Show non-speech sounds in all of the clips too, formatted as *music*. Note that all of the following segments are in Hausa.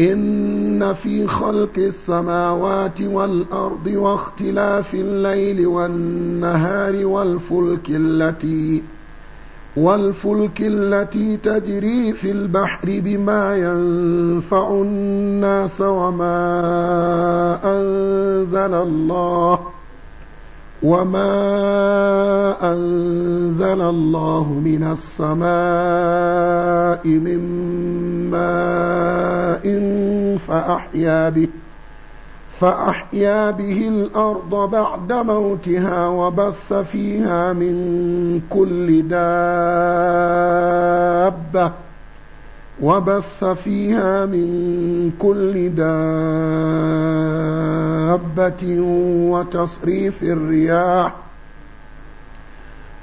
إن في خلق السماوات والأرض واختلاف الليل والنهار والفلك التي والفلك التي تجري في البحر بما ينفع الناس وما أنزل الله ۖ وما أنزل الله من السماء من ماء فأحيا به فأحيا به الأرض بعد موتها وبث فيها من كل دابة وبث فيها من كل دابة وتصريف الرياح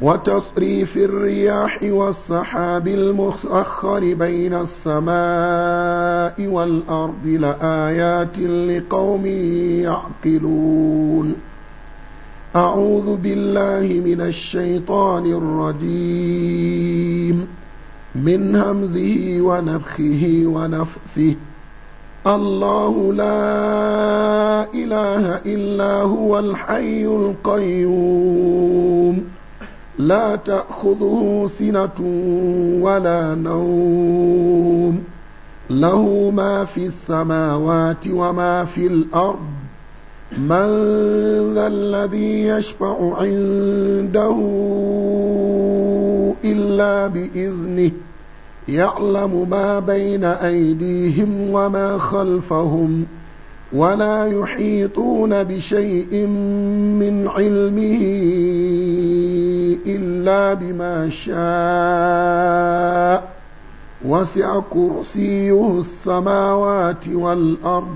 وتصريف الرياح والسحاب المسخر بين السماء والأرض لآيات لقوم يعقلون أعوذ بالله من الشيطان الرجيم من همزه ونفخه ونفسه الله لا إله إلا هو الحي القيوم لا تأخذه سنة ولا نوم له ما في السماوات وما في الأرض من ذا الذي يشفع عنده إلا بإذنه يعلم ما بين أيديهم وما خلفهم ولا يحيطون بشيء من علمه إلا بما شاء وسع كرسيه السماوات والأرض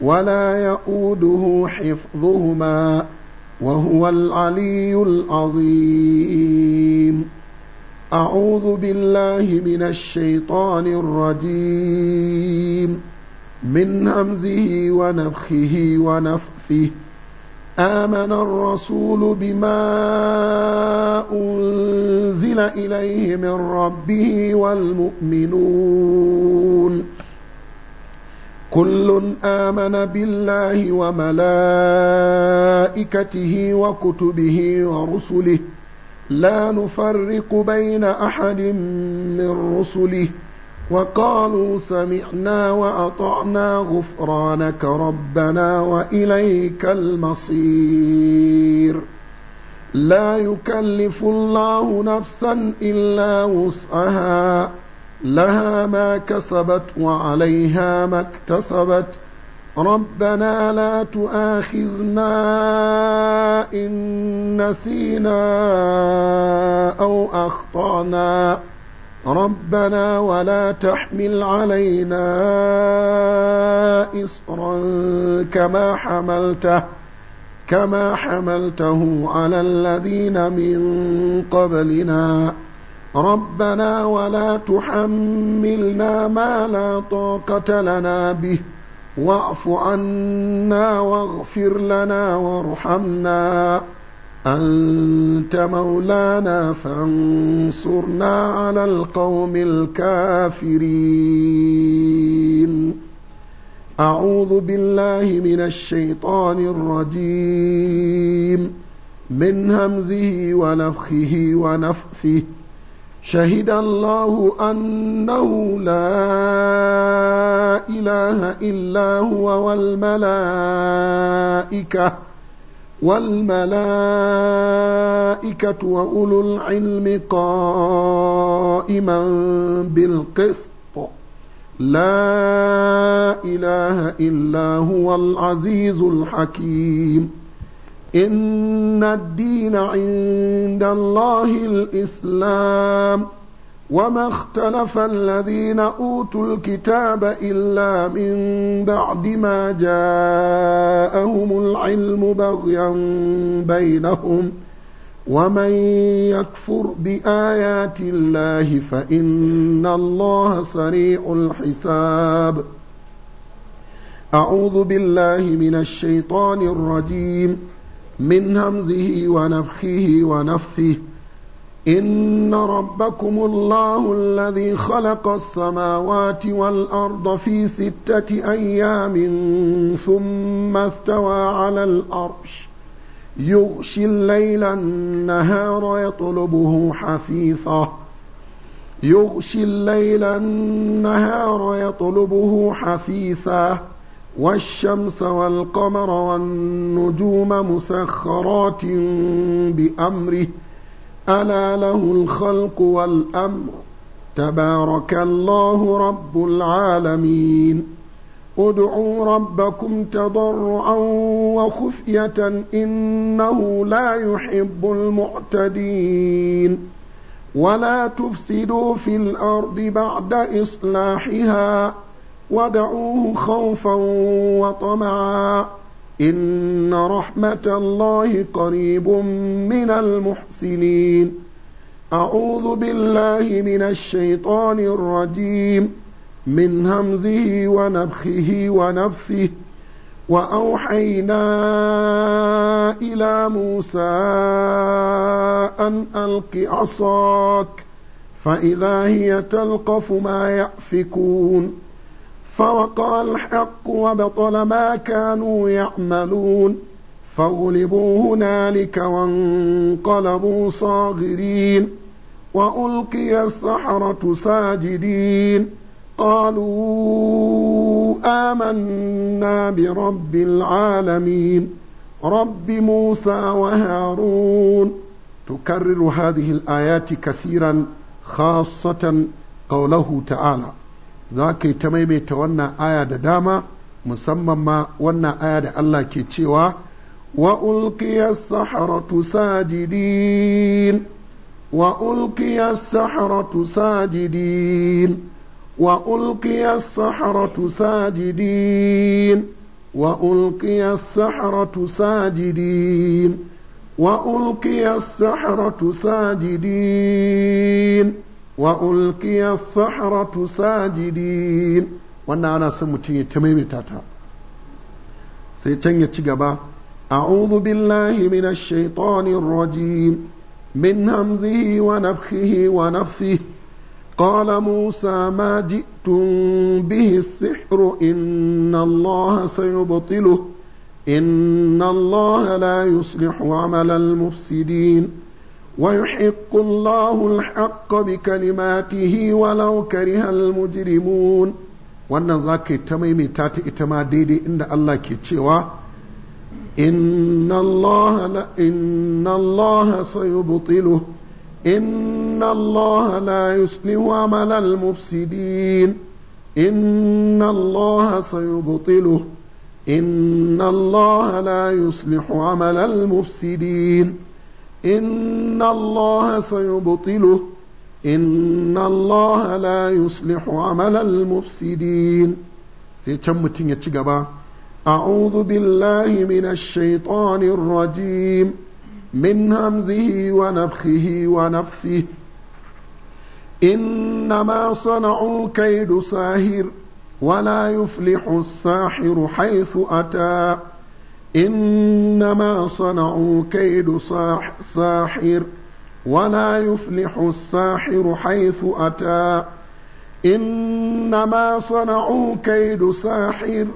ولا يؤوده حفظهما وهو العلي العظيم أعوذ بالله من الشيطان الرجيم من همزه ونفخه ونفثه آمن الرسول بما أنزل إليه من ربه والمؤمنون كل آمن بالله وملائكته وكتبه ورسله ۖ لا نفرق بين أحد من رسله وقالوا سمعنا وأطعنا غفرانك ربنا وإليك المصير لا يكلف الله نفسا إلا وسعها لها ما كسبت وعليها ما اكتسبت ربنا لا تؤاخذنا إن نسينا أو أخطأنا ربنا ولا تحمل علينا إصرا كما حملته كما حملته على الذين من قبلنا ربنا ولا تحملنا ما لا طاقة لنا به واعف عنا واغفر لنا وارحمنا أنت مولانا فانصرنا على القوم الكافرين أعوذ بالله من الشيطان الرجيم من همزه ونفخه ونفثه شهد الله أنه لا إله إلا هو والملائكة والملائكة وأولو العلم قائما بالقسط لا إله إلا هو العزيز الحكيم إن الدين عند الله الإسلام وما اختلف الذين أوتوا الكتاب إلا من بعد ما جاءهم العلم بغيا بينهم ومن يكفر بآيات الله فإن الله سريع الحساب أعوذ بالله من الشيطان الرجيم من همزه ونفخه ونفثه إن ربكم الله الذي خلق السماوات والأرض في ستة أيام ثم استوى على الأرش يغشي الليل النهار يطلبه حثيثا يغشي الليل النهار يطلبه حثيثا والشمس والقمر والنجوم مسخرات بأمره ألا له الخلق والأمر تبارك الله رب العالمين ادعوا ربكم تضرعا وخفية إنه لا يحب المعتدين ولا تفسدوا في الأرض بعد إصلاحها ودعوه خوفا وطمعا إن رحمة الله قريب من المحسنين أعوذ بالله من الشيطان الرجيم من همزه ونبخه ونفسه وأوحينا إلى موسى أن ألق عصاك فإذا هي تلقف ما يأفكون فوقع الحق وبطل ما كانوا يعملون فغلبوا هنالك وانقلبوا صاغرين وألقي السحرة ساجدين قالوا آمنا برب العالمين رب موسى وهارون تكرر هذه الآيات كثيرا خاصة قوله تعالى za ka yi ta maimaita wannan aya da dama musamman ma wannan aya da Allah ke cewa wa ulqiyas saharatu sajidin wa ulqiyas saharatu sajidin wa ulqiyas saharatu sajidin wa ulqiyas saharatu sajidin wa ulqiyas saharatu sajidin وألقي الصحرة ساجدين وانا انا سمتي تميمي تاتا سيتنجي تيغبا أعوذ بالله من الشيطان الرجيم من همزه ونفخه ونفسه قال موسى ما جئتم به السحر إن الله سيبطله إن الله لا يصلح عمل المفسدين ويحق الله الحق بكلماته ولو كره المجرمون wannan za ka yi ta maimaita ta ita ma daidai inda Allah ke cewa inna Allah sayubtilu inna Allah la yuslihu amalal mufsidin inna Allah sayubtilu inna Allah la yuslihu amalal mufsidin إن الله سيبطله إن الله لا يصلح عمل المفسدين سيتم تنجبا أعوذ بالله من الشيطان الرجيم من همزه ونفخه ونفثه إنما صنعوا كيد ساهر ولا يفلح الساحر حيث أتى إنما صنعوا كيد ساح ساحر ولا يفلح الساحر حيث أتى إنما صنعوا كيد ساحر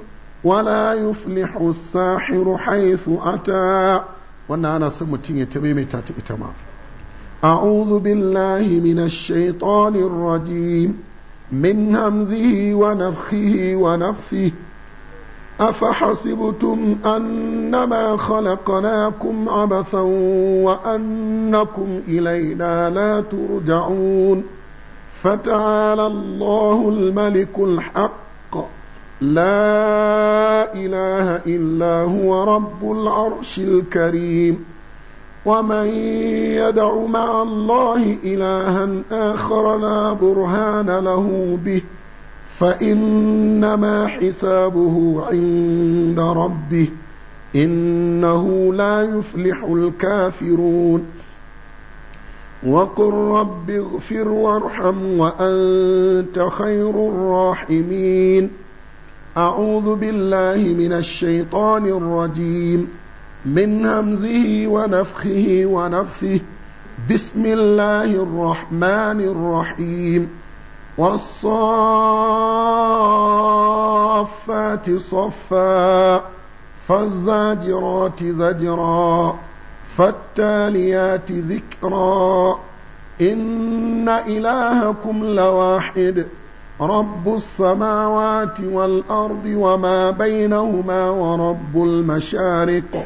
ولا يفلح الساحر حيث أتى وانا أنا سمتين يتميمي تاتي إتما أعوذ بالله من الشيطان الرجيم من همزه ونفخه ونفثه أفحسبتم أنما خلقناكم عبثا وأنكم إلينا لا ترجعون فتعالى الله الملك الحق لا إله إلا هو رب العرش الكريم ومن يدع مع الله إلها آخر لا برهان له به ۖ فإنما حسابه عند ربه إنه لا يفلح الكافرون وقل رب اغفر وارحم وأنت خير الراحمين أعوذ بالله من الشيطان الرجيم من همزه ونفخه ونفثه بسم الله الرحمن الرحيم والصافات صفا فالزاجرات زجرا فالتاليات ذكرا إن إلهكم لواحد رب السماوات والأرض وما بينهما ورب المشارق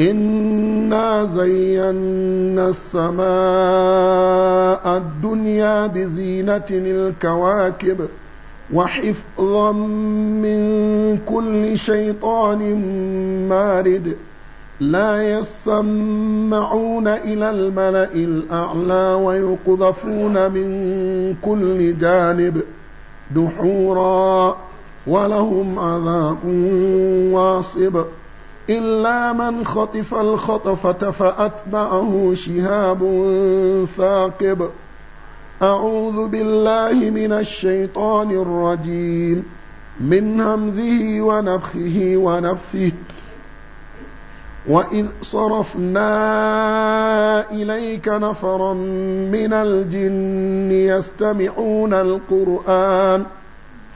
إنا زينا السماء الدنيا بزينة الكواكب وحفظا من كل شيطان مارد لا يسمعون إلى الملأ الأعلى ويقذفون من كل جانب دحورا ولهم عذاب واصب إلا من خطف الخطفة فأتبعه شهاب ثاقب أعوذ بالله من الشيطان الرجيم من همزه ونفخه ونفثه وإذ صرفنا إليك نفرا من الجن يستمعون القرآن ۖ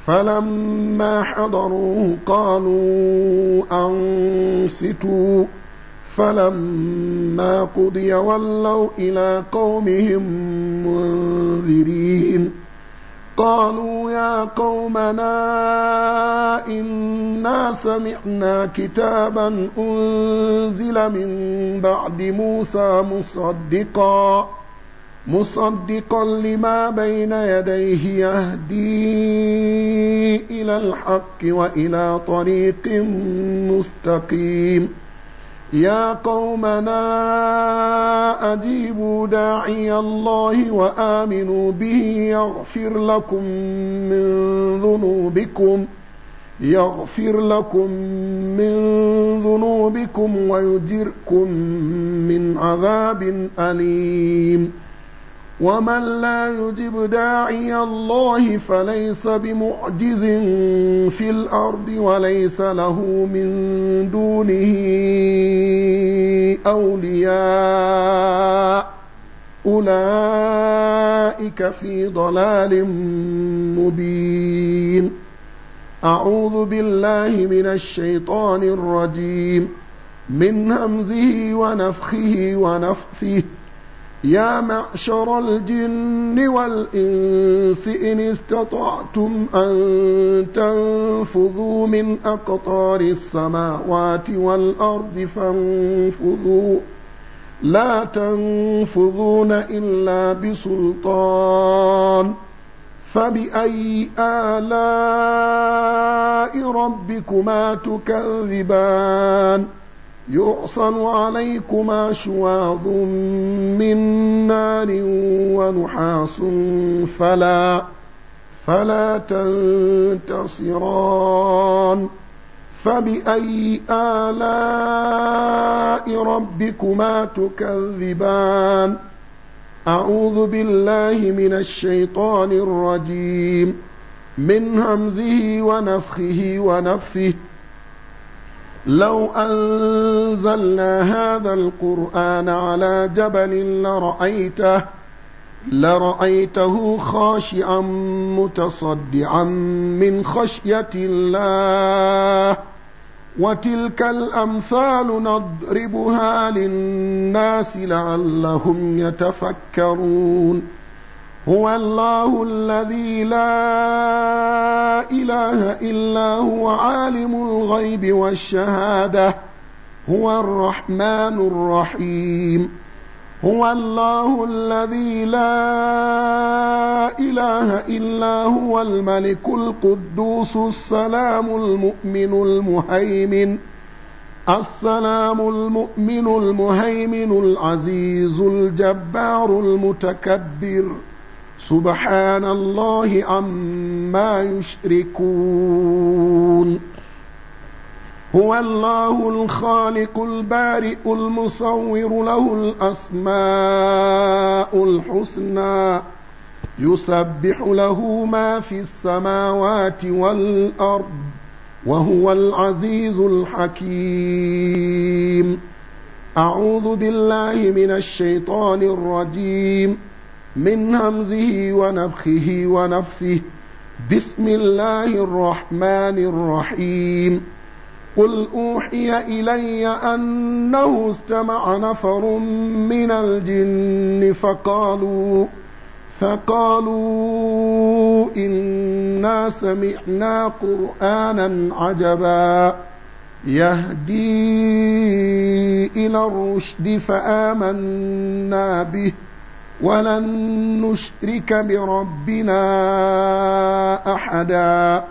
فلما حضروا قالوا أنصتوا فلما قضي ولوا إلى قومهم منذرين قالوا يا قومنا إنا سمعنا كتابا أنزل من بعد موسى مصدقاً مصدقا لما بين يديه يهدي إلى الحق وإلى طريق مستقيم يا قومنا أجيبوا داعي الله وآمنوا به يغفر لكم من ذنوبكم يغفر لكم من ذنوبكم ويجركم من عذاب أليم ومن لا يجب داعي الله فليس بمعجز في الأرض وليس له من دونه أولياء أولئك في ضلال مبين أعوذ بالله من الشيطان الرجيم من همزه ونفخه ونفثه يا معشر الجن والإنس إن استطعتم أن تنفذوا من أقطار السماوات والأرض فانفذوا لا تنفذون إلا بسلطان فبأي آلاء ربكما تكذبان؟ يؤصن عليكما شواظ من نار ونحاس فلا فلا تنتصران فبأي آلاء ربكما تكذبان أعوذ بالله من الشيطان الرجيم من همزه ونفخه ونفثه لو أنزلنا هذا القرآن على جبل لرأيته لرأيته خاشعا متصدعا من خشية الله وتلك الأمثال نضربها للناس لعلهم يتفكرون هو الله الذي لا إله إلا هو عالم الغيب والشهادة هو الرحمن الرحيم هو الله الذي لا إله إلا هو الملك القدوس السلام المؤمن المهيمن السلام المؤمن المهيمن العزيز الجبار المتكبر سبحان الله عما يشركون هو الله الخالق البارئ المصور له الأسماء الحسنى يسبح له ما في السماوات والأرض وهو العزيز الحكيم أعوذ بالله من الشيطان الرجيم من همزه ونفخه ونفسه بسم الله الرحمن الرحيم قل أوحي إلي أنه استمع نفر من الجن فقالوا فقالوا إنا سمعنا قرآنا عجبا يهدي إلى الرشد فآمنا به ولن نشرك بربنا أحدا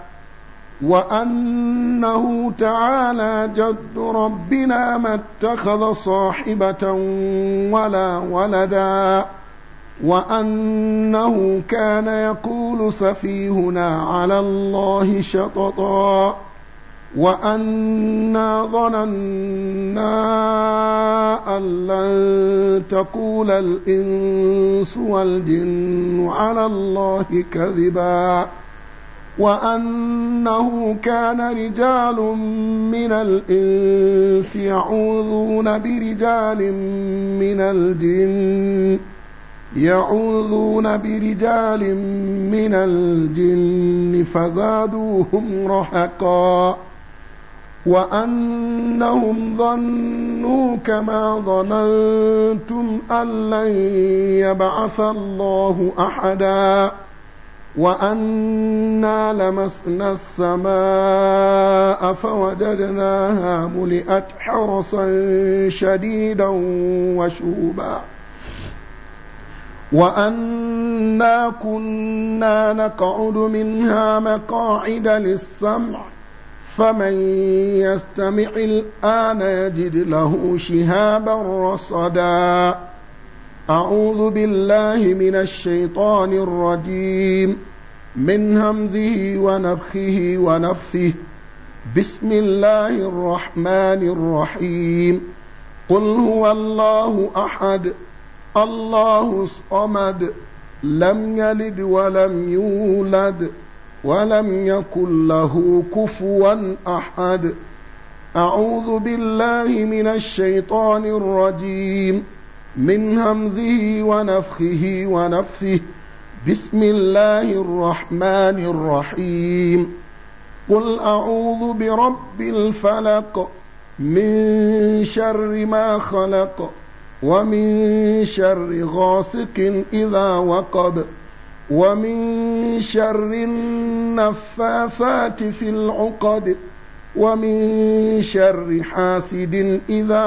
وأنه تعالى جد ربنا ما اتخذ صاحبة ولا ولدا وأنه كان يقول سفيهنا على الله شططا وأنا ظننا أن لن تقول الإنس والجن على الله كذبا وأنه كان رجال من الإنس يعوذون برجال من الجن يعوذون برجال من الجن فزادوهم رهقاً وأنهم ظنوا كما ظننتم أن لن يبعث الله أحدا وأنا لمسنا السماء فوجدناها ملئت حرسا شديدا وشوبا وأنا كنا نقعد منها مقاعد للسمع فمن يستمع الآن يجد له شهابا رصدا أعوذ بالله من الشيطان الرجيم من همزه ونفخه ونفثه بسم الله الرحمن الرحيم قل هو الله أحد الله الصمد لم يلد ولم يولد ولم يكن له كفوا أحد أعوذ بالله من الشيطان الرجيم من همزه ونفخه ونفسه بسم الله الرحمن الرحيم قل أعوذ برب الفلق من شر ما خلق ومن شر غاسق إذا وقب ومن شر النفاثات في العقد ومن شر حاسد إذا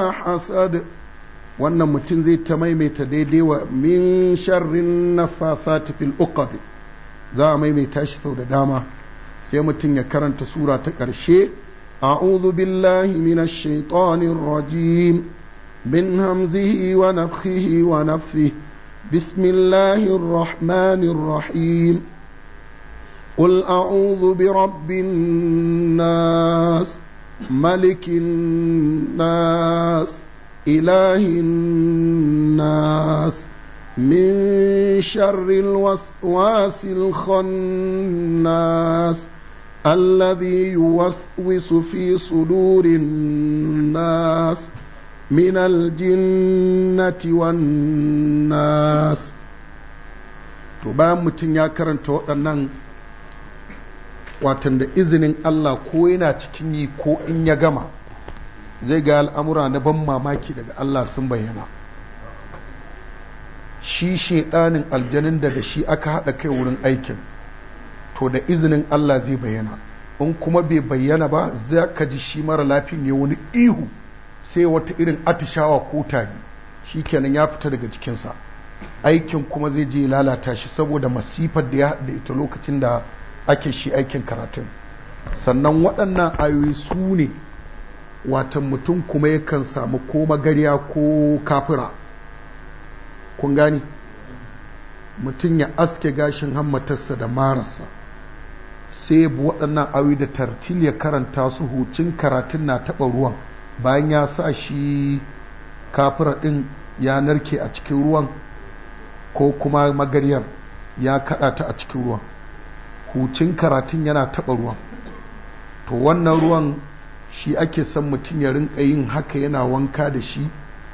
wannan mutum zai ta maimaita daidai wa min sharrin nafasati fil uqad za a maimaita shi sau da dama sai mutum ya karanta sura ta ƙarshe a'udhu mina minash shaitanir rajim min hamzihi wa nafthihi wa nafsihi بسم الله الرحمن الرحيم قل أعوذ برب الناس ملك الناس إله الناس من شر الوسواس الخناس الذي يوسوس في صدور الناس من الجنة والناس to bayan mutum ya karanta waɗannan watan da izinin Allah ko yana cikin yi ko in ya gama zai ga al'amura na ban mamaki daga Allah sun bayyana shi ɗanin aljanin da da shi aka haɗa kai wurin aikin to da izinin Allah zai bayyana in kuma bai bayyana ba za ka ji shi mara lafi ya wani ihu sai wata irin atishawa ko tari kenan ya fita daga cikinsa aikin kuma zai je lalata shi saboda masifar da ya haɗa ita lokacin da ake shi aikin karatun sannan waɗannan ayoyi su ne watan mutum kuma yakan samu ko magariya ko kafira kun gani mutum ya aske gashin hammatarsa da marasa sai waɗannan ayoyi da tartil ya karanta su hucin karatun na taɓa ruwan bayan ya sa shi kafura ɗin ya narke a cikin ruwan ko kuma magaryar ya kaɗa ta a cikin ruwan hucin karatun yana taɓa ruwan to wannan ruwan shi ake son mutum ya rinka yin haka yana wanka da shi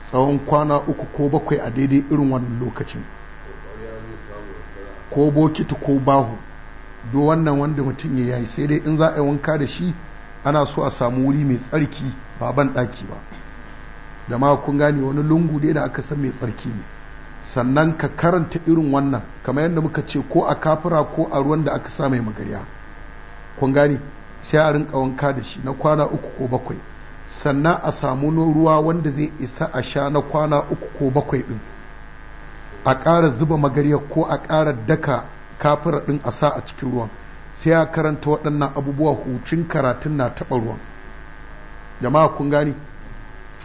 tsawon kwana uku ko bakwai a daidai irin wannan lokacin ko bokiti ko bahu do wannan wanda mutum ya yi sai dai in za a yi wanka da shi ana so a samu wuri mai tsarki ba ban ɗaki ba da ma kun gane wani lungu da aka san mai tsarki ne sannan ka karanta irin wannan kamar yadda muka ce ko a kafura ko a ruwan da aka sa mai magariya kun gane sai a rinka wanka da shi na kwana uku ko bakwai sannan a samu ruwa wanda zai isa a sha na kwana uku ko bakwai ɗin a ƙara zuba magarya ko a ƙara daka kafira ɗin a sa a cikin ruwan sai ya karanta waɗannan abubuwa hucin karatun na taɓa ruwan jama'a kun gani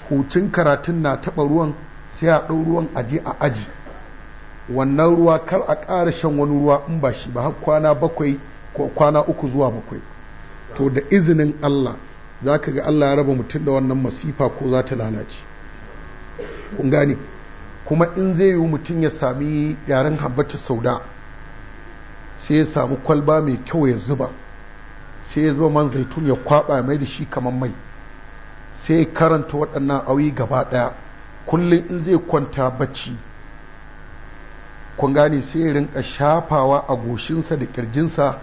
hucin karatun na taɓa ruwan sai ya ɗau ruwan aje a aji wannan ruwa kar a ƙara shan wani ruwa in ba shi ba har kwana bakwai ko kwana uku zuwa bakwai to da izinin Allah za ka ga Allah ya raba mutum da wannan masifa ko za ta lalace kun gani kuma in zai yi mutum ya sami yaren habbata sauda sai ya samu kwalba mai kyau ya zuba sai ya zuba man zaitun ya kwaba mai da shi kamar mai sai ya karanta waɗannan auyi gaba ɗaya kullum in zai kwanta bacci kun gane sai ya rinka shafawa a goshinsa da kirjinsa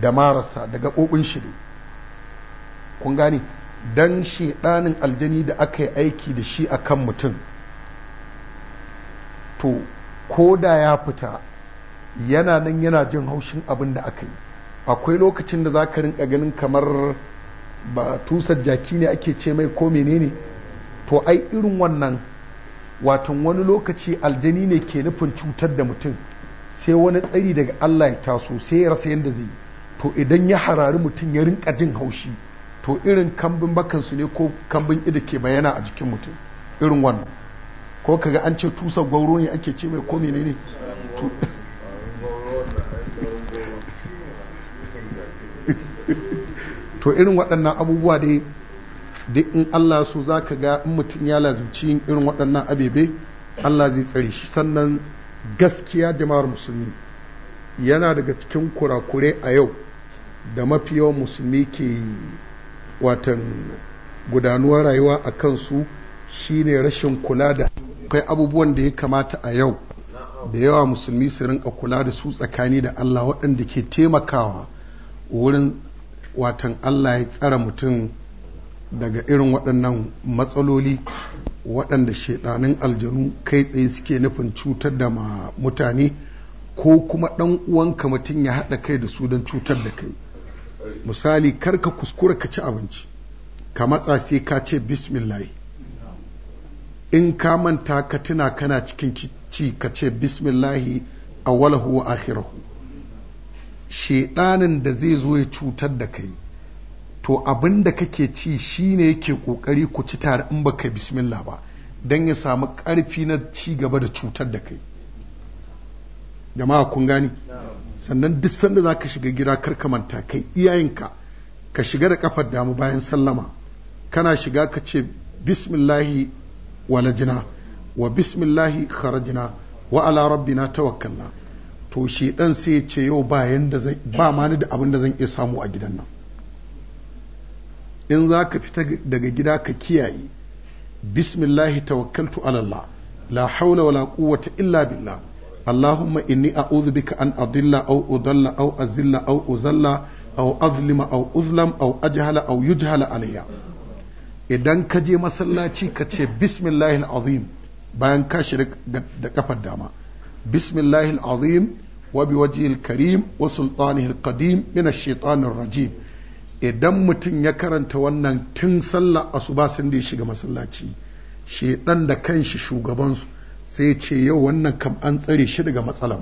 da marasa da gaɓoɓin shi ne kun gane dan shedanin aljani da aka yi aiki da shi a kan mutum to ko da ya fita yana nan yana jin haushin abin da aka yi akwai lokacin da za ka rinka ganin kamar ba tusar jaki ne ake ce mai ko menene to ai irin wannan watan wani lokaci aljani ne ke nufin cutar da mutum sai wani tsari daga Allah ya taso sai ya rasa yadda zai to idan ya harari mutum ya rinka jin haushi to irin kambin bakansu ne ko kambin ido ke bayana a jikin mutum irin wannan ko kaga an ce tusar gwauro ne ake ce mai ko menene to irin waɗannan abubuwa dai duk in Allah so za ka ga in mutum ya yin irin waɗannan abebe Allah zai tsare shi sannan gaskiya jama'ar musulmi yana daga cikin kurakure a yau da mafi yawan musulmi ke watan gudanuwar rayuwa a kansu shine rashin kula da akwai abubuwan da ya kamata a yau da yawa musulmi su rinka kula da su tsakani da Allah waɗanda ke taimakawa wurin watan Allah ya tsara mutum daga irin waɗannan matsaloli waɗanda shaidanin aljanu kai tsaye suke nufin cutar da ma mutane ko kuma ɗan uwanka mutum ya haɗa kai da su don cutar da kai misali kar ka kuskura ka ci abinci ka matsa sai ka ce bismillah in ka manta ka tuna kana cikin ci ka ce bismillah walahu wa akhirahu shaidanin da zai zo ya cutar da kai to abin da kake ci shine yake kokari ku ci tare in baka bismillah ba dan ya samu karfi na ci gaba da cutar da kai jama'a kun gani sannan duk sanda zaka shiga gida kar ka manta kai iyayenka ka shiga da kafar damu bayan sallama kana shiga ka ce bismillahi walajina wa bismillahi kharajina wa ala rabbina tawakkalna to shi dan sai ya ce yau ba yanda zai ba ma ni da abin da zan iya samu a gidan nan in za ka fita daga gida ka kiyaye bismillahi tawakkaltu ala Allah la haula wala quwwata illa billah allahumma inni a'udhu bika an adilla aw udalla aw azilla aw uzalla aw azlima aw uzlam aw ajhala aw yujhala alayya idan ka je masallaci ka ce bismillahi azim bayan ka shirka da kafar dama بسم الله العظيم وبوجهه الكريم وسلطانه القديم من الشيطان الرجيم idan mutum ya karanta wannan tun sallah asuba sun da ya shiga masallaci shedan da kanshi shugabansu sai ce yau wannan kam an tsare shi daga matsalan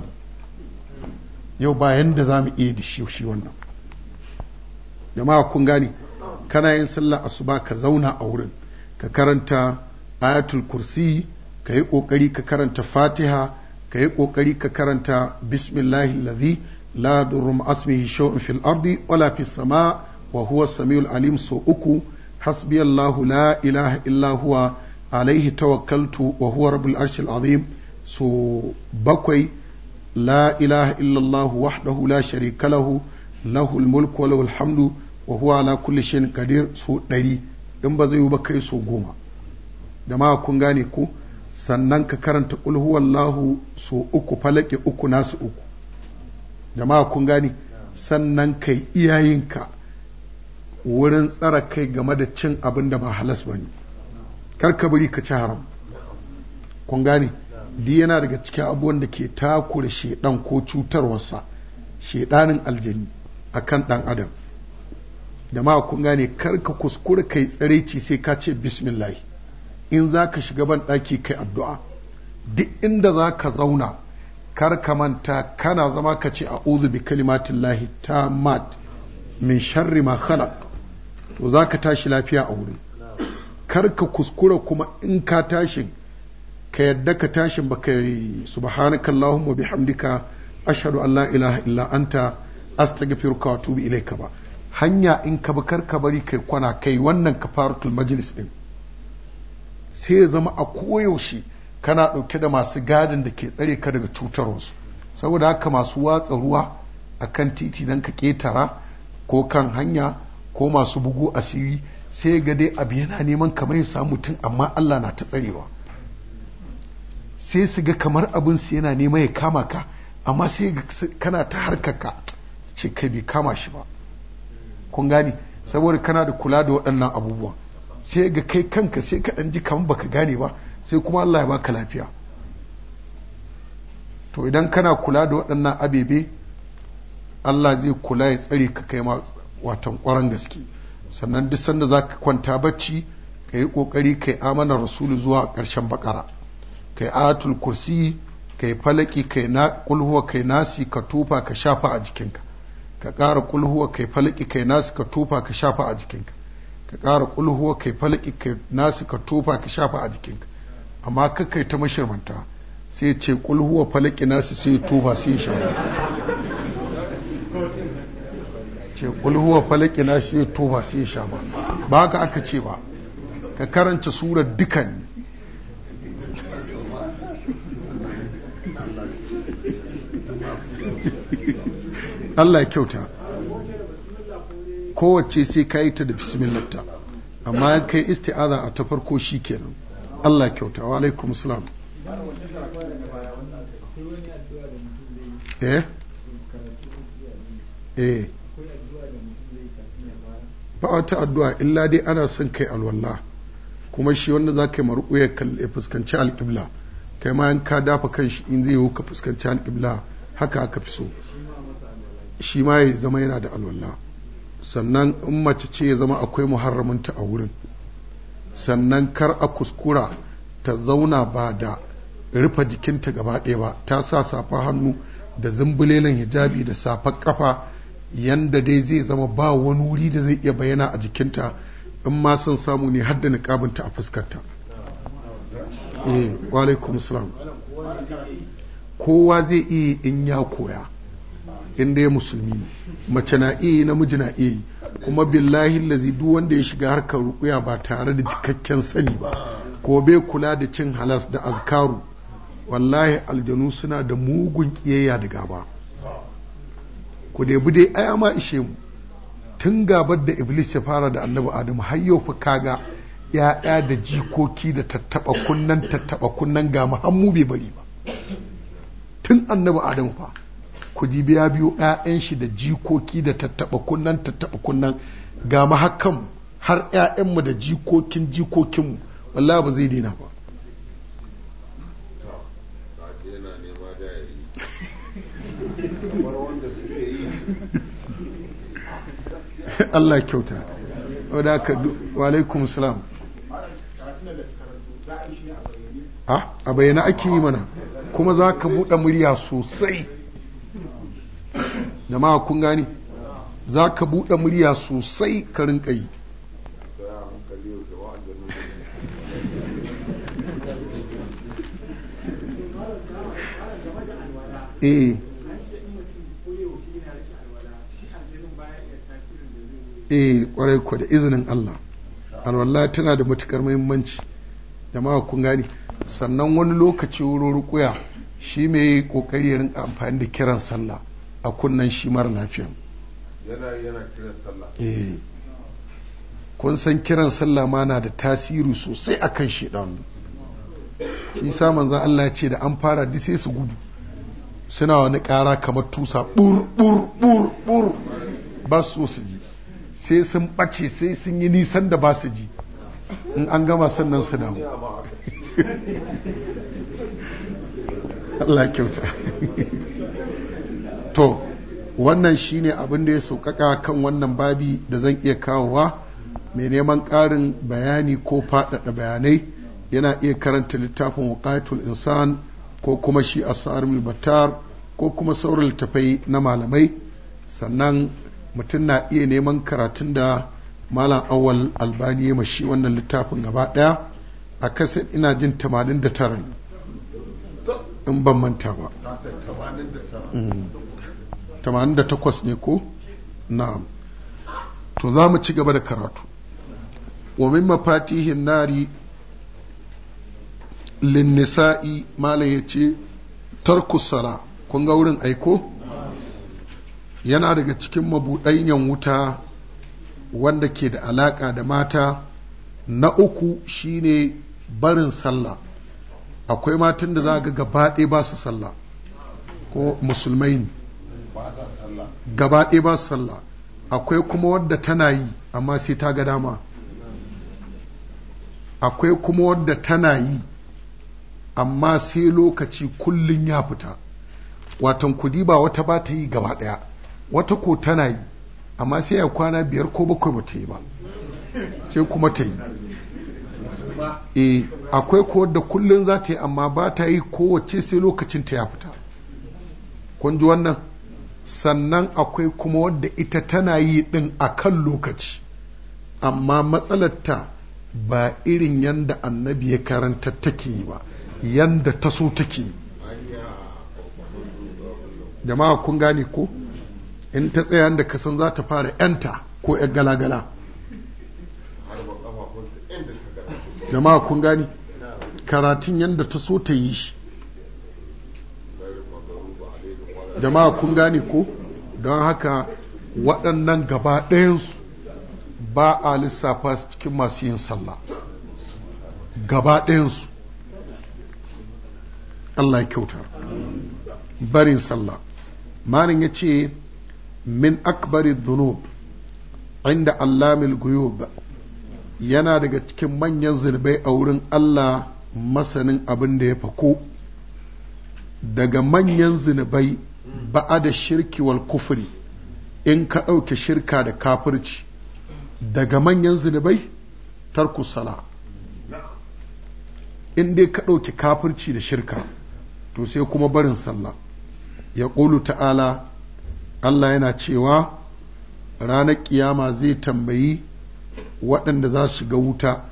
yau bayan da za mu iya da shi shi wannan jama'a kun gane kana yin sallah asuba ka zauna a wurin ka karanta ayatul kursi ka yi ƙoƙari ka karanta fatiha ka yi ƙoƙari ka karanta bismillahi lazi la durrum asmihi shaw'un fil ardi wala fi sama wa huwa samiul alim so uku hasbiyallahu la ilaha illa huwa alaihi tawakkaltu wa huwa rabbul arshil azim so bakwai la ilaha illallahu wahdahu la sharika lahu lahul mulku wa lahul hamdu wa huwa ala kulli shay'in qadir so ɗari in ba zai yi ba kai so goma jama'a kun gane ko sannan ka karanta wallahu so uku falake uku nasu uku jama'a kun gani sannan kai iyayenka wurin tsara kai game da cin abin da ba halas ba ne karka ka bari ka ci haram kun gane di yana daga cikin abubuwan da ke takura shaidan ko cutarwarsa shaidanin aljani kan ɗan adam jama'a kun gane kar ka kuskura kai tsiraici sai ka ce bismillahi in za ka shiga ban ɗaki kai addu'a duk inda za ka zauna kar ka manta kana zama ka ce a'udhu bi kalimatin lahi ta mat min sharri ma khalaq to za ka tashi lafiya a wuri, kar ka kuskura kuma in ka tashi ka yadda ka tashin ba ka yi subhanaka allahumma bihamdika ashhadu an la ilaha illa anta astaghfiruka wa atubu ilayka ba hanya in ka bi kar ka bari kai kwana kai wannan kafaratul majlis din sai ya zama a koyaushe kana ɗauke da masu gadin da ke tsare ka daga cutarwarsu saboda haka masu watsa ruwa a kan titi don ka ƙetara ko kan hanya ko masu bugu asiri sai ga dai abu yana neman kamar ya samu mutum amma Allah na ta tsarewa sai su ga kamar abin su yana neman ya kama ka amma sai kana ta harkaka ce kai bai kama shi ba kun gani saboda kana da kula da waɗannan abubuwan sai ga kai kanka sai ka ji kamar baka gane ba sai kuma Allah ya baka lafiya to idan kana kula da waɗannan abebe Allah zai kula ya tsare ka kai ma watan ƙwaron gaske sannan duk sanda za ka kwanta bacci ka yi ƙoƙari ka yi amana rasulu zuwa ƙarshen baƙara ka yi atul kursi ka yi falaki ka yi kulhuwa ka yi nasi ka tufa ka shafa a jikinka ka ƙara kulhuwa ka yi falaki ka yi nasi ka tufa ka shafa a jikinka ka ƙara ƙulhuwa kai falaki kai nasu ka tofa ka shafa a jikinka amma kai ta mashirmanta sai ce ƙulhuwa falaki nasu sai ya tofa sai ya shafa ce ƙulhuwa falaki nasu sai tofa sai shafa ba ka aka ce ba ka karanta sura dukan *laughs* Allah ya kyauta kowace sai ka yi ta da bismillata amma kai isti'aza a ta farko shi kenan Allah kyauta wa alaikum salam eh eh ba wata addu'a illa dai ana son kai alwallah kuma shi wanda za ka yi maru'u ya fuskanci alƙibla kai ma ka dafa kan shi in zai yiwu ka fuskanci alƙibla haka aka fi so shi ma ya zama yana da alwallah sannan in mace ce ya zama akwai muharraminta a wurin sannan kar a kuskura ta zauna ba da rufe jikinta gaba ɗaya ba ta sa safa hannu da zumbulelen hijabi da safar kafa yanda dai zai zama ba wani wuri da zai iya bayyana a jikinta in ma son samu ne har da niƙabinta a fuskarta eh wa alaikum kowa zai iya in ya koya in dai musulmi ne mace na iya namiji na iya yi. kuma billahi lazi duk wanda ya shiga harkar rukuya ba tare da cikakken sani ba ko bai kula da cin halas da azkaru wallahi aljanu suna da mugun kiyayya da gaba ku debi dai aya ma ishe mu tun gabar da iblis ya fara da annabi adamu har yau fa kaga ya'ya da jikoki da tattaba kunnan tattaba kunnan ga muhammu bai bari ba tun annabi adamu fa kudi biya biyu biyo ƴaƴan shi da jikoki da tattaɓa kunnan tattaɓa kunnan ga ma hakan har ƴaƴanmu da jikokin mu wallahi ba zai daina ba *laughs* Allah kyauta wadda aka walaikum salam ah, a bayyana ake yi mana kuma za ka buɗe murya sosai jama'a kun gane za ka buɗe murya sosai ka rinka yi eh kwarai eh, ku da izinin Allah alwallah tana da matukar muhimmanci jama'a kun gani sannan wani lokaci wuro rukuya shi mai kokari ya rinka amfani da kiran sallah a kunnan shi mara lafiyan eh. kun san kiran sallah ma na da tasiri sosai akan shedan shi saman za Allah ce da an fara duk sai su gudu suna wani ƙara kamar tusa bur bur bur ba su su ji sai sun ɓace sai sun yi nisan da ba su ji in an gama sannan su damu *laughs* Allah kyauta *laughs* to wannan shine abin da ya sauƙaƙa kan wannan babi da zan iya kawowa mai neman ƙarin bayani ko faɗaɗa bayanai yana iya karanta littafin waƙatul insan ko kuma shi asarul battar ko kuma sauran littafai na malamai sannan mutum na iya neman karatun da malam awal albani ya mashi wannan littafin gaba ɗaya a kasar ina jin tamanin da 89 in ban manta ba 88 ne ko na'am to za mu ci gaba da karatu wa mafatihin nari linnisa'i mala ya ce tarkusara, kun ga wurin aiko yana daga cikin mabuɗanyan wuta wanda ke da alaƙa da mata na uku shine barin sallah akwai matan da za ga gaba ɗaya ba su sallah ko musulmai ne gaba ɗaya ba su sallah akwai kuma wadda tana yi amma sai ta ga dama akwai kuma wadda tana yi amma sai lokaci kullum ya fita watan kudi ba wata ba ta yi gaba ɗaya wata ko tana yi amma sai ya kwana biyar ko bakwai ba ta yi ba sai kuma ta yi e akwai ko wadda kullum za ta yi amma ba ta yi kowace sai lokacin ta ya fita kun ji wannan sannan akwai kuma wadda ita tana yi ɗin a kan lokaci amma matsalarta ba irin yadda annabi ya karanta take yi ba yadda ta so take yi jama'a kun gane ko in ta tsaya da kasan za ta fara yanta ko yan galagala jama'a kun gane karatun yadda ta so ta yi shi jama'a kun gane ko don haka waɗannan gaba ɗayansu ba a lissafa cikin masu yin sallah gaba ɗayansu Allah ya kyauta barin sallah manin ya ce min akbari dhunub inda allamil guyub yana daga cikin manyan zirbai a wurin Allah masanin abin da ya fako daga manyan zinubai ba'a da shirki wal kufri in ka ɗauke shirka da kafirci daga manyan zunubai tarku sala in dai ka ɗauke kafirci da shirka to sai kuma barin sallah ya ƙulu ta'ala Allah yana cewa ranar ƙiyama zai tambayi waɗanda za su ga wuta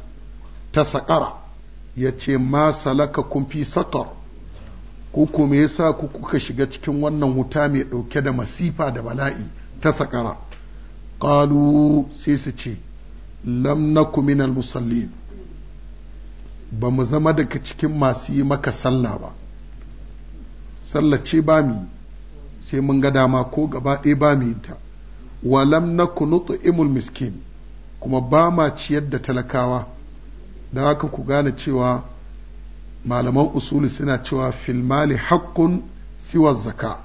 ta saƙara ya ce ma salaka kun fi saƙar ko ko me yasa ku kuka shiga cikin wannan wuta mai ɗauke da masifa da bala'i ta sakara qalu sai su ce lam naku minal musallin ba mu zama daga cikin masu yi maka sallah ba ce ba mu sai mun ga dama ko gaba ɗaya ba mu ta wa lam naku nut'imul miskin kuma ba ma ciyar da talakawa da haka ku gane cewa malaman usuli suna cewa filmali haƙƙun siwa zaka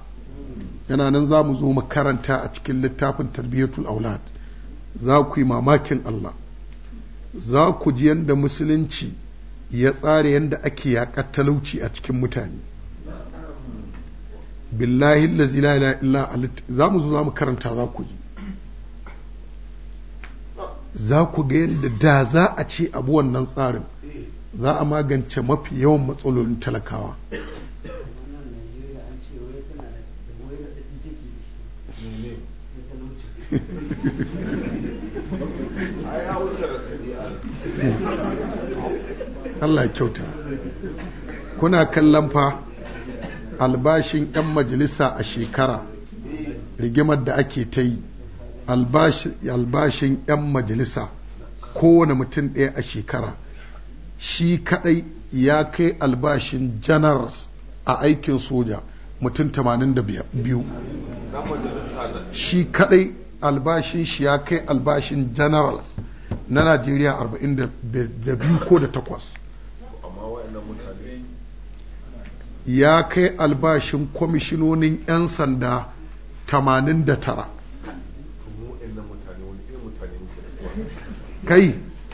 yana nan za mu zo makaranta a cikin littafin tarbiyyatul aulad za ku yi mamakin Allah za ku ji yadda musulunci ya tsara yadda ake yaƙar talauci a cikin mutane billahi la ila illa za mu zo za mu karanta za ku ji za ku ga yadda da za a ce abu wannan tsarin za a magance mafi yawan matsalolin talakawa Allah kyauta kuna kallon fa albashin 'yan majalisa a shekara rigimar da ake ta yi albashin 'yan majalisa kowane mutum ɗaya a shekara shi kadai ya kai albashin generals a aikin soja mutum 82 shi kadai albashin shi ya kai albashin generals na najeriya 42 ko da takwas. ya kai albashin kwamishinonin 'yan sanda 89 kai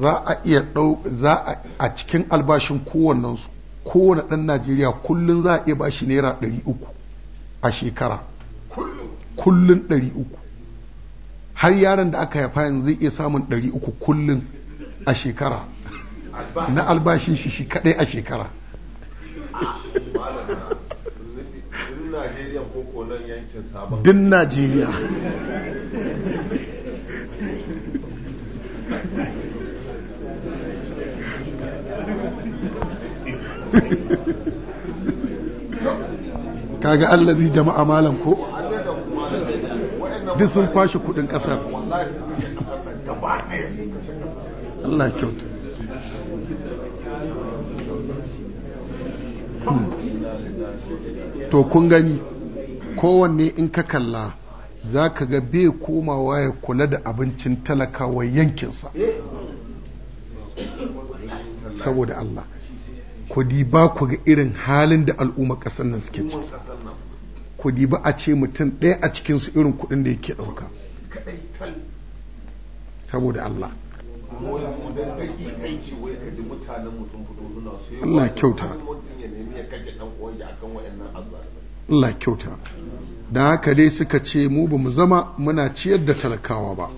za a iya ɗau za a cikin albashin kowannensu kowane ɗan najeriya kullum za a iya bashi naira ɗari uku a shekara kullum ɗari uku har yaron da aka haifa yanzu zai iya samun ɗari uku kullum a shekara na albashin shi shi kaɗai a shekara din najeriya *laughs* kaga allazi jama'a malam ko duk sun kwashe kudin kasar Allah kyautu to kun gani kowanne in ka kalla za ka ga bai komawa ya kula da abincin talakawa yankinsa saboda Allah kudi ba ku ga irin halin da al'umma ƙasar nan suke ciki kudi ba a ce mutum ɗaya a cikinsu irin kudin da yake ɗauka saboda Allah Allah kyauta Allah kyauta da haka dai suka ce mu ba mu zama muna ciyar da talakawa ba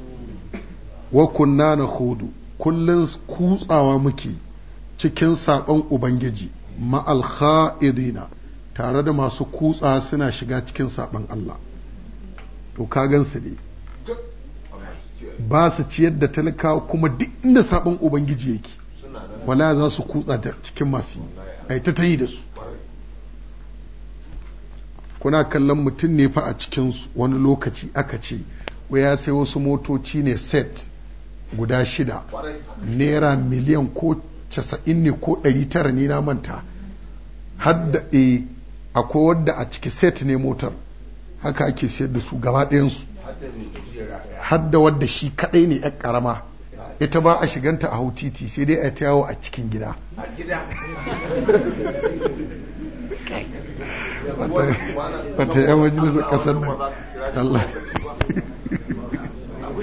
wa kunna na hudu kullum kutsawa muke cikin saƙon Ubangiji ma'al tare da masu kutsa suna shiga cikin saɓon Allah to ka gansu ne ba su ciyar da talakawa kuma duk inda saɓon Ubangiji yake wala za su kutsa da cikin masu yi ta ta yi da su kuna kallon mutum ne fa a cikin wani lokaci aka ce ya sai wasu motoci ne set guda shida naira miliyan ko casa'in ne ko ɗari tara ne na manta hadda e eh, akwai wadda a ciki set ne motar haka ake sayar da su gaba ɗayansu hadda wadda shi kaɗai ne yan ƙarama ita ba a shiganta a hau titi sai dai a ta yawo a cikin gida wata yan majalisar ƙasar nan Allah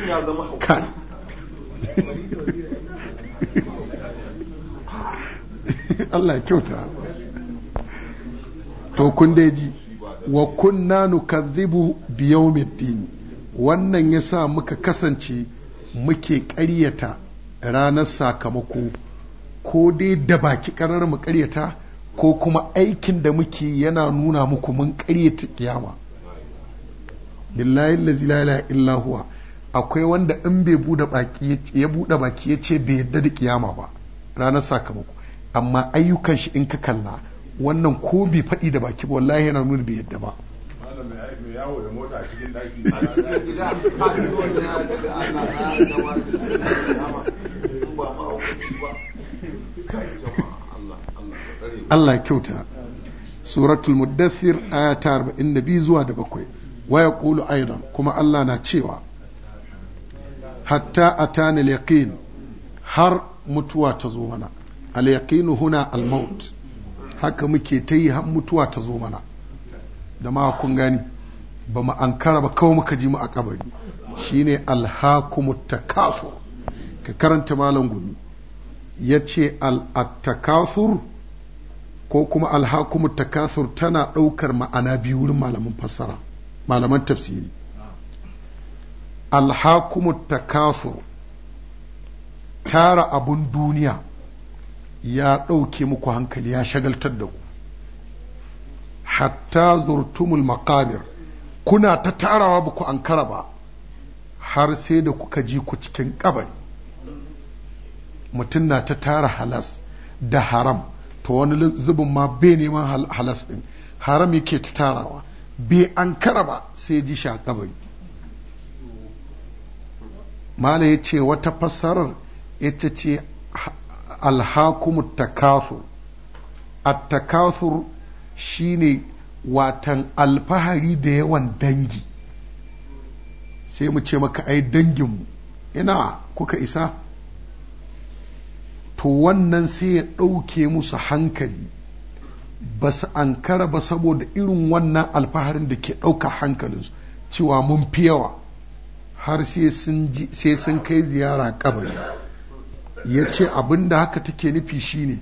ya *laughs* Allah kyauta to kun dai ji wa kunna nukadhibu bi yawmiddin wannan yasa muka kasance muke ƙaryata ranar sakamako ko dai da baki ƙarar mu ƙaryata ko kuma aikin da muke yana nuna muku mun ƙaryata kiyama billahi la ilaha illa huwa akwai wanda in bai bude baki ya bude baki ya ce bai yadda da kiyama ba ranar sakamako amma ayyukan shi in ka kalla wannan ko bai faɗi da baki ba wallahi yana nuna bai yadda ba Allah kyauta suratul muddathir aya ta 42 zuwa da bakwai waya kulu aidan kuma Allah na cewa hatta atana al har mutuwa ta zo mana al huna al haka muke ta yi har mutuwa ta zo mana da ma kun gani ba mu ankara ba kawai muka ji mu a kabari shine alhakumut takasur ka karanta malam gumi yace al-takasur ko kuma alhakumut takasur tana daukar ma'ana biyu wurin malamin fassara malaman tafsiri alhakumut takasur tara abun duniya ya ɗauke muku hankali ya shagaltar da ku hatta zurtumul makabir kuna ta tarawa ba ku ankara ba har sai da kuka ji ku cikin kabari mutum na ta tara halas da haram to wani zubin ma bai neman halas ɗin haram yake ta tarawa bai ankara ba sai ji shi a kabari mala ya ce wata fassarar ita ce alhakumu takasur attakasur shine watan alfahari da yawan dangi sai mu ce maka ai danginmu ina kuka isa to wannan sai ya ɗauke musu hankali ba su ankara ba saboda irin wannan alfaharin da ke ɗauka hankalinsu cewa mun fi yawa har sai sun kai ziyara kabari ya ce abin da haka take nufi shine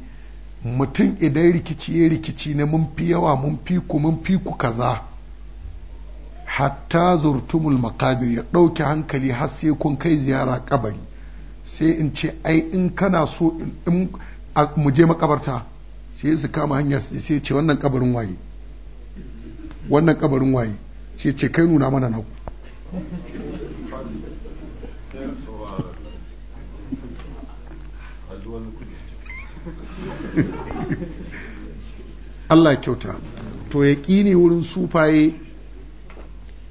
mutum idan rikici ya rikici na mun fi yawa mun fi ku mun fi ku kaza hatta zurtumul makabir ya ɗauke hankali har sai kun kai ziyara kabari sai in ce ai in kana so in mu je makabarta sai su kama hanya sai ce wannan kabarin waye wannan kabarin waye sai ce kai nuna mana naku *laughs* Allah kyauta to ya ƙini wurin sufaye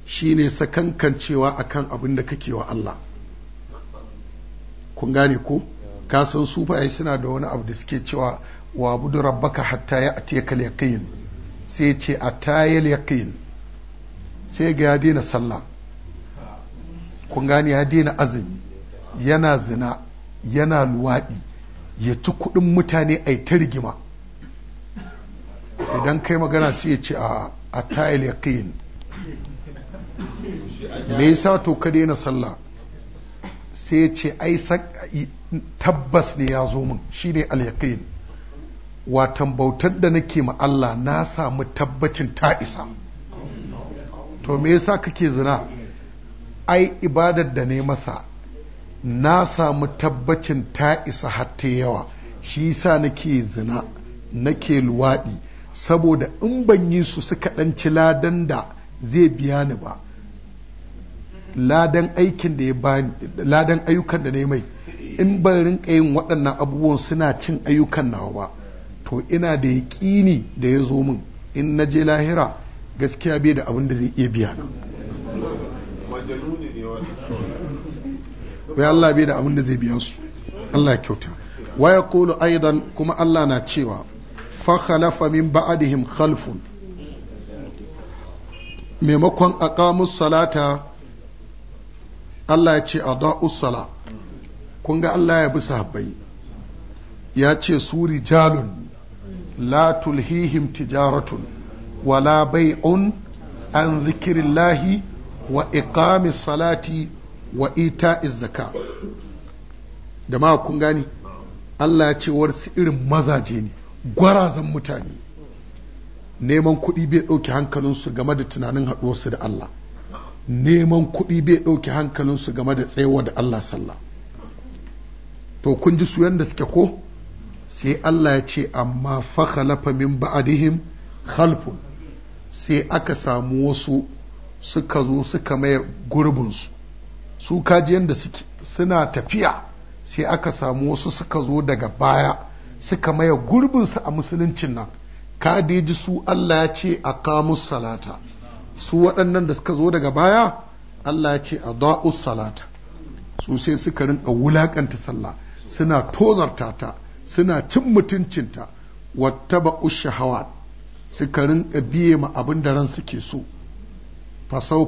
shine sakankancewa akan abin da kake wa Allah kun gane ko ka san sufaye suna da wani abu da suke cewa wa budu rabbaka hatta ya atiyaka yaqin sai ce atayal yaqin sai ga ya daina sallah kun gane ya daina azumi yana zina yana luwaɗi ya ci kuɗin mutane a yi ta rigima idan kai magana sai ya ce a a tayil yin. me yasa to ka daina sallah sai ya ce ai tabbas ne ya zo min shine al yaqin watan bautar da nake ma Allah na samu tabbacin ta isa to me yasa kake zina ai ibadar da ne masa na samu tabbacin ta isa hatta yawa shi sa nake zina nake luwaɗi saboda in ban yi su suka ɗanci ladan da zai biya ni ba ladan aikin da ya bani ladan ayyukan da na mai in ban rinka yin waɗannan abubuwan suna cin ayyukan nawa ba to ina da yaƙini da ya zo min in na je lahira gaskiya bai da abin da zai iya biya na wai Allah bai da abin da zai biya su Allah ya kyauta wa Kulu aidan kuma Allah na cewa fa khalafa min ba'dihim khalfun maimakon aqamus salata Allah ya ce adaus sala kun ga Allah ya bi sahabbai ya ce su rijalun la tulhihim tijaratun wala bai'un an zikirillahi wa iqamis salati wa ita zaka da ma kun gani Allah ya ce warsu irin mazaje ne gwarazan mutane neman kuɗi bai ɗauke hankalinsu game da tunanin haɗuwarsu da Allah neman kuɗi bai ɗauke hankalinsu game da tsayawa da Allah sallah to kun ji su yanda suke ko sai Allah ya ce amma fa khalafa min ba'dihim khalfun sai aka samu wasu suka zo suka maye gurbinsu su kajiyan da suke suna tafiya sai aka samu wasu suka zo daga baya suka maye gurbinsu a musuluncin nan kadeji su Allah ya ce a kamus salata su waɗannan da suka zo daga baya Allah ya ce a da'us salata su sai suka rinka wulakanta sallah suna tozarta ta suna cin mutuncinta wattaba shahawa suka rinka biye ma abin da ran suke so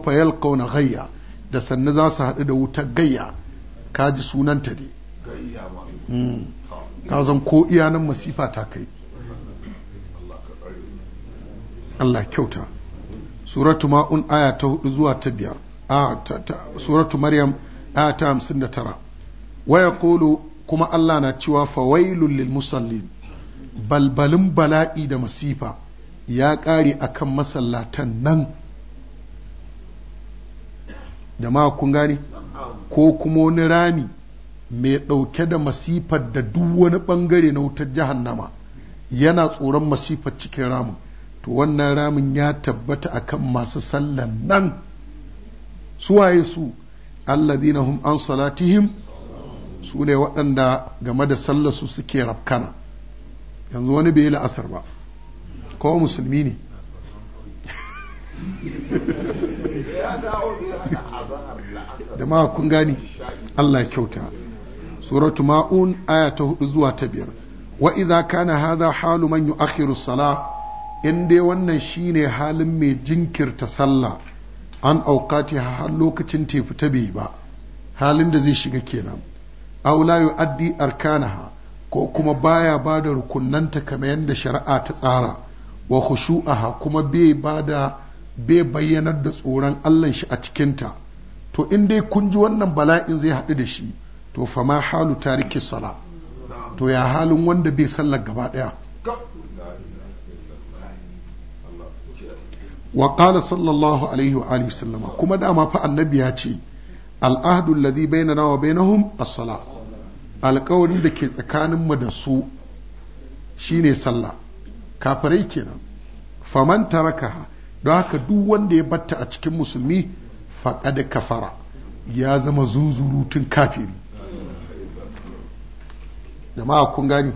fa yalqauna ghayya da sannu za su haɗu da wuta gayya ka ji sunanta ne hmm. ka zan ko iyanan masifa ta kai Allah kyauta suratu ma'un aya ta hudu zuwa ta biyar suratu maryam aya ta hamsin da tara waya kolo kuma Allah na cewa fawailun lil musallin balbalin bala'i da masifa ya ƙare akan masallatan nan jama'a kun gane ko kuma wani rami mai ɗauke da masifar da duk wani ɓangare na wutar jahannama yana tsoron masifar cikin ramin to wannan ramin ya tabbata akan masu sallan nan suwaye su allazina hum an salatihim su ne waɗanda game da sallarsu suke rafkana yanzu wani bai yi la'asar ba ko musulmi ne Da *laughs* ma kun gani Allah kyauta suratu ma'un aya ta hudu zuwa ta biyar wa idza kana hadha halu man yu'akhiru sala in dai wannan shine halin mai jinkirta sallah an aukati har lokacin tefi ta bai ba halin da zai shiga kenan aw la yu'addi arkanaha ko kuma baya ba da rukunnanta kamar yadda shari'a ta tsara wa khushu'aha kuma bai bada da bai bayyanar da tsoron Allah shi a cikinta to in dai kun ji wannan bala'in zai haɗu da shi to fa ma halu tariki sala to ya halin wanda bai sallar gaba ɗaya wa qala sallallahu alaihi wa alihi sallama kuma dama fa annabi ya ce al'ahdu alladhi bainana wa bainahum as-sala alƙawarin da ke tsakanin mu da su shine sallah kafirai kenan faman tarakaha don haka duk wanda ya batta a cikin musulmi da kafara ya zama zuzurutun kafiri Da ma kun gani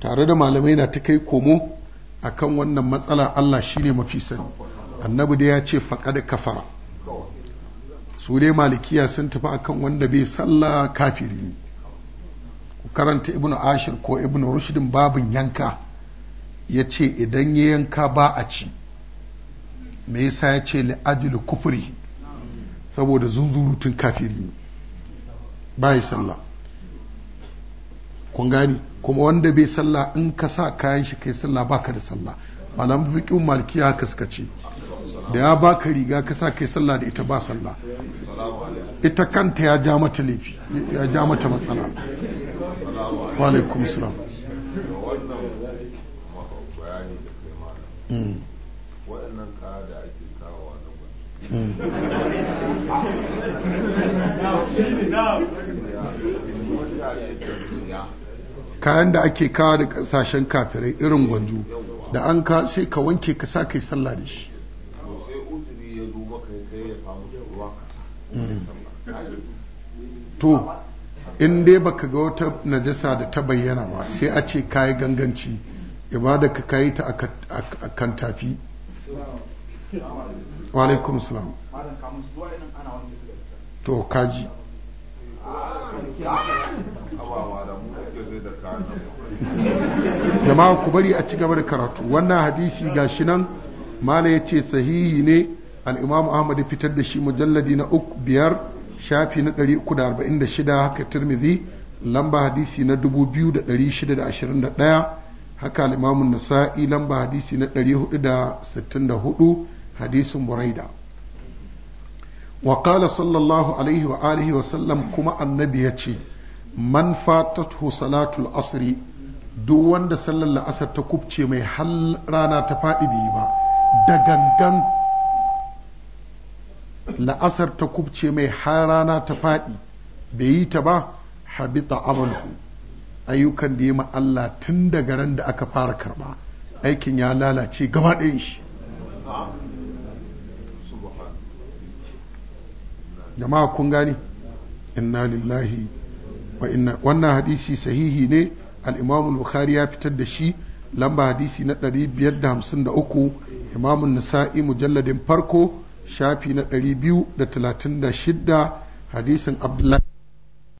tare da malamai na ta kai komo akan wannan matsala Allah shine mafi sani annabi da ya ce da kafara su dai malikiya sun tafi akan wanda bai sallah kafiri ne ku karanta ibnu ashir ko ibnu rushdin babin yanka ya ce idan ya yanka ba a ci me yasa ya ce li'ajil kufri saboda zunzurutun kafiri ba yi sallah kun gani kuma wanda bai sallah in ka sa kayan shi kai sallah baka da sallah malam fiqin malkiya haka suka ce da ya baka riga ka sa kai sallah da ita ba sallah ita kanta ya ja mata laifi ya ja mata matsala wa alaikum salam mm. waɗannan kayan da ake kawo da kasashen kafirai irin gwanju da an ka sai ka wanke ka sa kai sallah da shi to in dai baka ga wata najasa da ta bayyana ba sai a ce kayi ganganci ibada ka kayi ta akan tafi wa alaikum salam to kaji jama'a ku bari a ci gaba da karatu wannan hadisi gashi nan mala ya ce sahihi ne al'imamu ahmad fitar da shi mujalladi na uku biyar shafi na 346 haka tirmidhi lamba hadisi na 2621 haka al'imamun nasa'i lamba hadisi na 464 حديث بريدة وقال صلى الله عليه وآله وسلم كما النبي يتشي من فاتته صلاة duk wanda sallar la'asar ta kubce mai hal ta faɗi biyu ba da gangan la'asar ta kubce mai har rana ta faɗi bai yi ta ba habita amalku ayyukan da ya ma Allah tun daga ran da aka fara karba aikin ya lalace gaba ɗayan shi jama'a kun gani inna lillahi wa inna wannan hadisi sahihi ne al-imam bukhari ya fitar da shi lamba hadisi na 553 imam an-nasa'i mujalladin farko shafi na 236 hadisin abdullahi